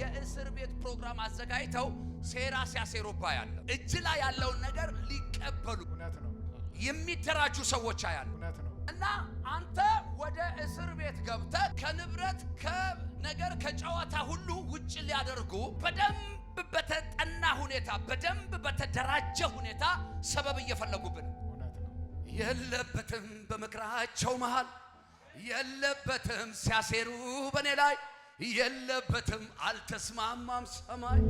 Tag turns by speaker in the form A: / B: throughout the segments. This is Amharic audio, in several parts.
A: የእስር ቤት ፕሮግራም አዘጋጅተው ሴራ ሲያሴሩባ ያለ እጅ ላይ ያለውን ነገር ሊቀበሉ የሚደራጁ ሰዎች አያሉ እና አንተ ወደ እስር ቤት ገብተ ከንብረት ከነገር ከጨዋታ ሁሉ ውጭ ሊያደርጉ በደንብ በተጠና ሁኔታ በደንብ በተደራጀ ሁኔታ ሰበብ እየፈለጉብን የለበትም በምክራቸው መሃል የለበትም ሲያሴሩ በእኔ ላይ የለበትም። አልተስማማም ሰማይ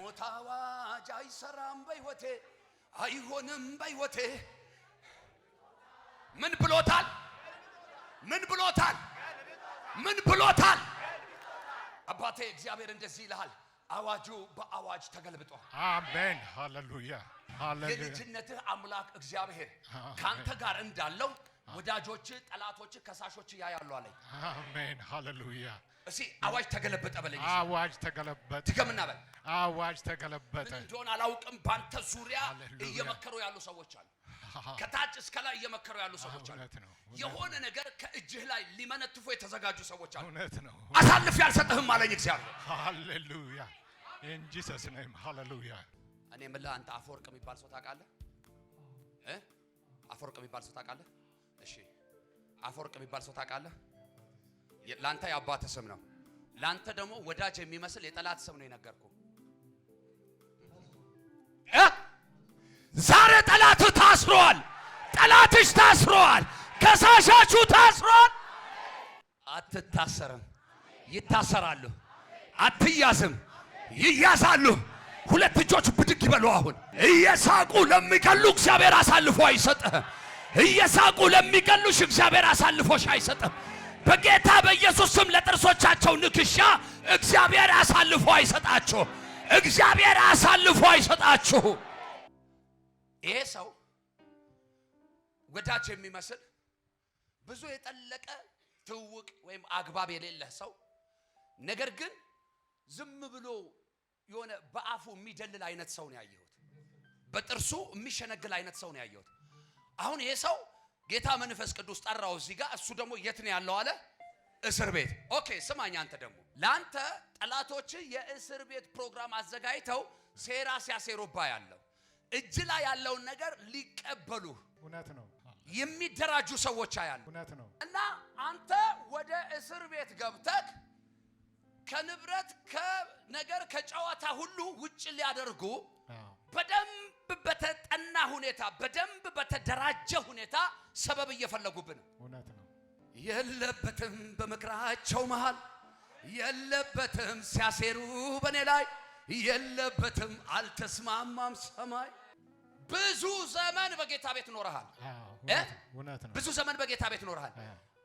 A: ሞት አዋጅ አይሰራም በይወቴ አይሆንም በይወቴ ምን ብሎታል? ምን ብሎታል? ምን ብሎታል? አባቴ እግዚአብሔር እንደዚህ ይልሃል። አዋጁ በአዋጅ ተገልብጧል።
B: አሜን ሃሌሉያ።
A: የልጅነትህ አምላክ እግዚአብሔር ካንተ ጋር እንዳለው ወዳጆች፣ ጠላቶች፣ ከሳሾች ያያሉ አለኝ።
B: አሜን ሃሌሉያ።
A: እሺ አዋጅ ተገለበጠ በለኝ።
B: አዋጅ ተገለበጠ። ትገምና በል አዋጅ ተገለበጠ።
A: ምን እንደሆነ አላውቅም። ባንተ ዙሪያ እየመከሩ ያሉ ሰዎች አሉ። ከታች እስከ ላይ እየመከሩ ያሉ ሰዎች አሉ። የሆነ ነገር ከእጅህ ላይ የተዘጋጁ ሰዎች አሉ። እውነት ነው። አሳልፍ አለኝ እግዚአብሔር።
B: ሃሌሉያ ሃሌሉያ።
A: እኔ አንተ አፈወርቅ የሚባል ሰው ታውቃለህ? አፈወርቅ የሚባል ሰው ታውቃለህ? እሺ አፈወርቅ የሚባል ሰው ታውቃለህ? ላንተ የአባት ስም ነው። ላንተ ደግሞ ወዳጅ የሚመስል የጠላት ስም ነው የነገርኩ። ዛሬ ጠላት ታስሯል። ጠላትሽ ታስሯል። ከሳሻችሁ ታስሯል። አትታሰርም፣ ይታሰራሉ። አትያዝም፣ ይያዛሉ። ሁለት እጆች ብድግ ይበሉ። አሁን እየሳቁ ለሚገሉ እግዚአብሔር አሳልፎ አይሰጥህም። እየሳቁ ለሚገሉሽ እግዚአብሔር አሳልፎሽ አይሰጥም። በጌታ በኢየሱስ ስም ለጥርሶቻቸው ንክሻ እግዚአብሔር አሳልፎ አይሰጣችሁ። እግዚአብሔር አሳልፎ አይሰጣችሁ። ይሄ ሰው ወዳጅ የሚመስል ብዙ የጠለቀ ትውውቅ ወይም አግባብ የሌለ ሰው ነገር ግን ዝም ብሎ የሆነ በአፉ የሚደልል አይነት ሰው ነው ያየሁት። በጥርሱ የሚሸነግል አይነት ሰው ነው ያየሁት። አሁን ይሄ ሰው ጌታ መንፈስ ቅዱስ ጠራው እዚህ ጋር። እሱ ደግሞ የት ነው ያለው አለ? እስር ቤት። ኦኬ ስማኝ፣ አንተ ደግሞ ለአንተ ጠላቶች የእስር ቤት ፕሮግራም አዘጋጅተው ሴራ ሲያሴሩባ ያለው እጅ ላይ ያለውን ነገር ሊቀበሉ እውነት ነው የሚደራጁ ሰዎች አያሉ እውነት ነው። እና አንተ ወደ እስር ቤት ገብተህ ከንብረት ከነገር ከጨዋታ ሁሉ ውጭ ሊያደርጉ በደንብ በተጠና ሁኔታ በደንብ በተደራጀ ሁኔታ ሰበብ እየፈለጉብን እውነት ነው። የለበትም በምክራቸው መሃል የለበትም ሲያሴሩ በእኔ ላይ የለበትም አልተስማማም ሰማይ ብዙ ዘመን በጌታ ቤት ኖረሃል። ብዙ ዘመን በጌታ ቤት ኖረሃል።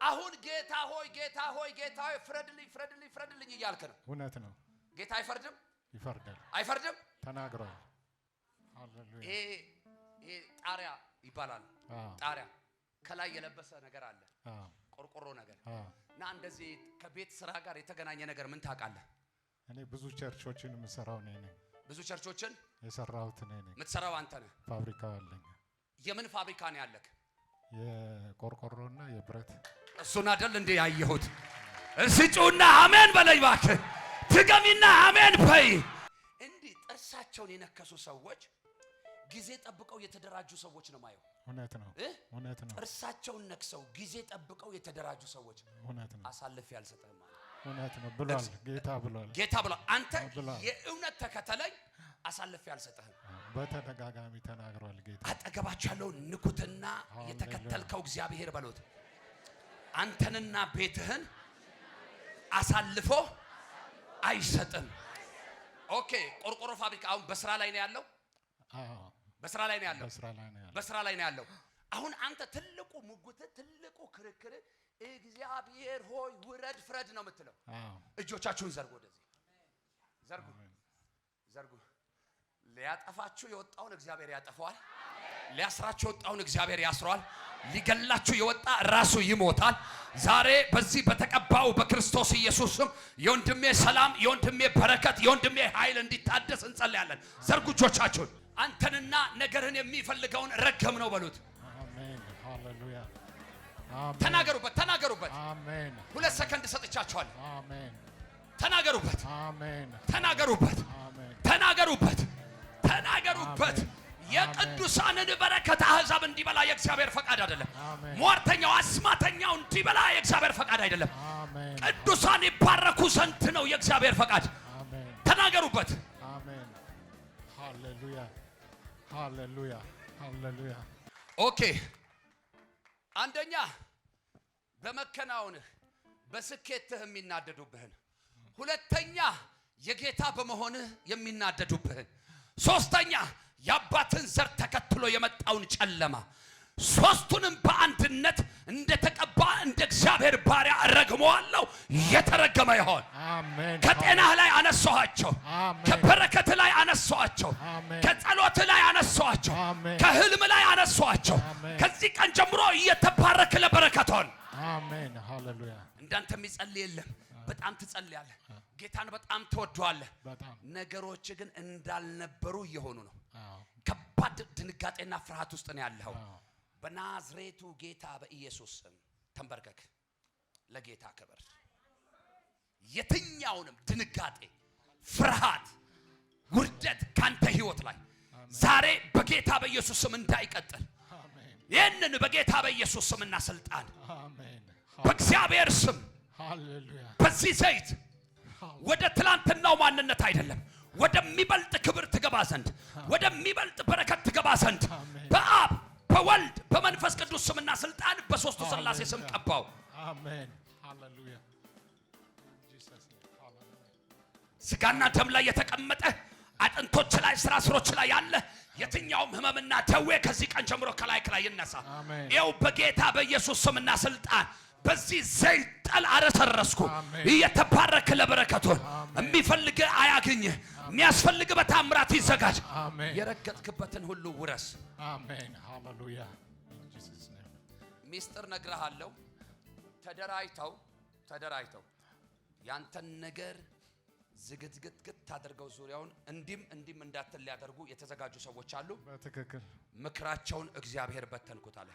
A: አሁን ጌታ ሆይ ጌታ ሆይ ጌታ ሆይ ፍረድልኝ ፍረድልኝ ፍረድልኝ እያልክ ነው። እውነት ነው። ጌታ አይፈርድም? ይፈርዳል። አይፈርድም? ተናግሯል። ይሄ ጣሪያ ይባላል። ጣሪያ ከላይ የለበሰ ነገር አለ፣ ቆርቆሮ ነገር እና እንደዚህ ከቤት ስራ ጋር የተገናኘ ነገር ምን ታውቃለህ?
B: እኔ ብዙ ቸርቾችን የምሰራው እኔ ነኝ።
A: ብዙ ቸርቾችን
B: የሰራሁት እኔ ነኝ።
A: የምትሰራው አንተ ነህ።
B: ፋብሪካ አለኝ።
A: የምን ፋብሪካ ነው ያለክ?
B: የቆርቆሮና የብረት።
A: እሱን አይደል እንዴ ያየሁት? እስጩና አሜን በለኝ እባክህ። ትገሚና አሜን በይ። እንዲህ ጥርሳቸውን የነከሱ ሰዎች ጊዜ ጠብቀው የተደራጁ ሰዎች ነው ማየው።
B: እውነት ነው፣ እውነት ነው።
A: ጥርሳቸውን ነክሰው ጊዜ ጠብቀው የተደራጁ ሰዎች እውነት ነው። አሳልፌ አልሰጥህም
B: እውነት ነው ብሏል ጌታ፣ ብሏል
A: ጌታ ብሏል። አንተ የእውነት ተከተለኝ፣ አሳልፍ አልሰጥህም።
B: በተደጋጋሚ ተናግሯል ጌታ።
A: አጠገባቸው ያለውን ንኩትና የተከተልከው እግዚአብሔር በሎት አንተንና ቤትህን አሳልፎ አይሰጥም። ኦኬ፣ ቆርቆሮ ፋብሪካ አሁን በስራ ላይ ነው ያለው በስራ ላይ ነው ያለው። በስራ ላይ ነው ያለው። አሁን አንተ ትልቁ ሙግት፣ ትልቁ ክርክር እግዚአብሔር ሆይ ውረድ ፍረድ ነው የምትለው። እጆቻችሁን ዘርጉ፣ ወደዚህ ዘርጉ፣ ዘርጉ። ሊያጠፋችሁ የወጣውን እግዚአብሔር ያጠፈዋል። ሊያስራችሁ የወጣውን እግዚአብሔር ያስረዋል። ሊገላችሁ የወጣ ራሱ ይሞታል። ዛሬ በዚህ በተቀባው በክርስቶስ ኢየሱስ ስም የወንድሜ ሰላም፣ የወንድሜ በረከት፣ የወንድሜ ኃይል እንዲታደስ እንጸልያለን። ዘርጉ እጆቻችሁን አንተንና ነገርህን የሚፈልገውን ረገም ነው በሉት። ተናገሩበት፣ ተናገሩበት። ሁለት ሰከንድ ሰጥቻችኋለሁ። ተናገሩበት፣ ተናገሩበት፣ ተናገሩበት፣ ተናገሩበት። የቅዱሳንን በረከት አህዛብ እንዲበላ የእግዚአብሔር ፈቃድ አይደለም። ሟርተኛው አስማተኛው እንዲበላ የእግዚአብሔር ፈቃድ አይደለም። ቅዱሳን ይባረኩ ዘንድ ነው የእግዚአብሔር ፈቃድ። ተናገሩበት
B: ሃሌሉያ ሃሌሉያ።
A: ኦኬ አንደኛ በመከናወንህ በስኬትህ የሚናደዱብህን፣ ሁለተኛ የጌታ በመሆንህ የሚናደዱብህን፣ ሶስተኛ የአባትን ዘር ተከትሎ የመጣውን ጨለማ ሶስቱንም በአንድነት እንደተቀባ እንደ እግዚአብሔር ባሪያ ረግመዋለሁ። የተረገመ ይሆን። ከጤናህ ላይ አነሷቸው፣ ከበረከት ላይ አነሷቸው፣ ከጸሎት ላይ አነሷቸው፣ ከህልም ላይ አነሷቸው። ከዚህ ቀን ጀምሮ እየተባረክ ለበረከት ሆን።
B: አሜን ሃሌሉያ።
A: እንዳንተ የሚጸል የለም። በጣም ትጸልያለህ። ጌታን በጣም ትወደዋለህ። ነገሮች ግን እንዳልነበሩ እየሆኑ ነው። ከባድ ድንጋጤና ፍርሃት ውስጥ ነው ያለው። በናዝሬቱ ጌታ በኢየሱስ ስም ተንበርከክ፣ ለጌታ ክብር። የትኛውንም ድንጋጤ፣ ፍርሃት፣ ውርደት ካንተ ህይወት ላይ ዛሬ በጌታ በኢየሱስ ስም እንዳይቀጥል ይህንን በጌታ በኢየሱስ ስምና ስልጣን በእግዚአብሔር ስም በዚህ ዘይት ወደ ትላንትናው ማንነት አይደለም ወደሚበልጥ ክብር ትገባ ዘንድ ወደሚበልጥ በረከት ትገባ ዘንድ በስላሴ ስም ቀባው።
B: አሜን ሃሌሉያ።
A: ስጋና ደም ላይ የተቀመጠ አጥንቶች ላይ ስራ ስሮች ላይ ያለ የትኛውም ህመምና ደዌ ከዚህ ቀን ጀምሮ ከላይ ከላይ ይነሳ። ይኸው በጌታ በኢየሱስ ስምና ስልጣን በዚህ ዘይት ጠል አረሰረስኩ። እየተባረክ ለበረከቱን የሚፈልግ አያግኝ፣ የሚያስፈልግ በታምራት ይዘጋጅ። የረገጥክበትን ሁሉ ውረስ።
B: አሜን ሃሌሉያ።
A: ሚስጥር ነግረሃለው ተደራጅተው ተደራጅተው ያንተን ነገር ዝግትግትግት አድርገው ዙሪያውን እንዲም እንዲም እንዳትል ሊያደርጉ የተዘጋጁ ሰዎች አሉ። በትክክል ምክራቸውን እግዚአብሔር በተንኩት አለ።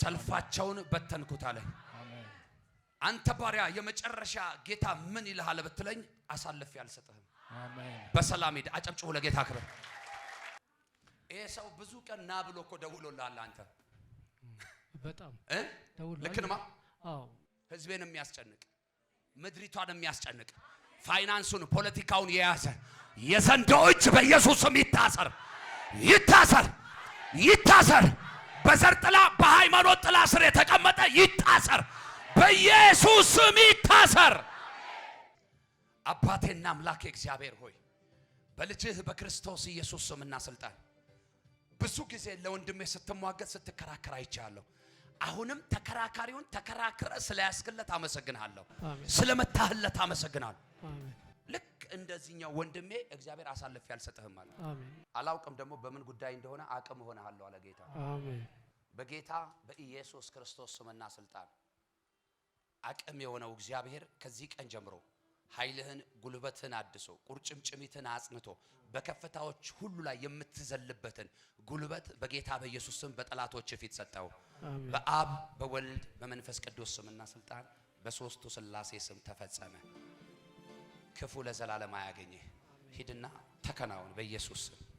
A: ሰልፋቸውን በተንኩት አለ። አንተ ባሪያ የመጨረሻ ጌታ ምን ይልሃል ብትለኝ አሳልፌ አልሰጥህም። በሰላም ሂድ። አጨብጭሁ ለጌታ ክብር። ይሄ ሰው ብዙ ቀን ና ብሎ እኮ ደውሎልሃል አንተ በጣም ልክ ነማ። ህዝቤን የሚያስጨንቅ ምድሪቷን የሚያስጨንቅ ፋይናንሱን፣ ፖለቲካውን የያዘ የዘንዶ እጅ በኢየሱስም ይታሰር፣ ይታሰር፣ ይታሰር። በዘር ጥላ በሃይማኖት ጥላ ስር የተቀመጠ ይታሰር፣ በኢየሱስም ይታሰር። አባቴና አምላኬ እግዚአብሔር ሆይ በልጅህ በክርስቶስ ኢየሱስ ስምና ስልጣን ብዙ ጊዜ ለወንድሜ ስትሟገት ስትከራከር አይቻለሁ። አሁንም ተከራካሪውን ተከራክረ ስለያስክለት አመሰግናለሁ። ስለመታህለት አመሰግናለሁ። ልክ እንደዚህኛው ወንድሜ እግዚአብሔር አሳልፌ አልሰጥህም አለ። አላውቅም ደግሞ በምን ጉዳይ እንደሆነ አቅም እሆንሃለሁ አለ ጌታ። በጌታ በኢየሱስ ክርስቶስ ስምና ስልጣን አቅም የሆነው እግዚአብሔር ከዚህ ቀን ጀምሮ ኃይልህን ጉልበትን አድሶ ቁርጭምጭሚትን አጽንቶ በከፍታዎች ሁሉ ላይ የምትዘልበትን ጉልበት በጌታ በኢየሱስ ስም በጠላቶች ፊት ሰጠው። በአብ በወልድ በመንፈስ ቅዱስ ስምና ስልጣን በሶስቱ ሥላሴ ስም ተፈጸመ። ክፉ ለዘላለም አያገኝህ። ሂድና ተከናውን በኢየሱስ ስም።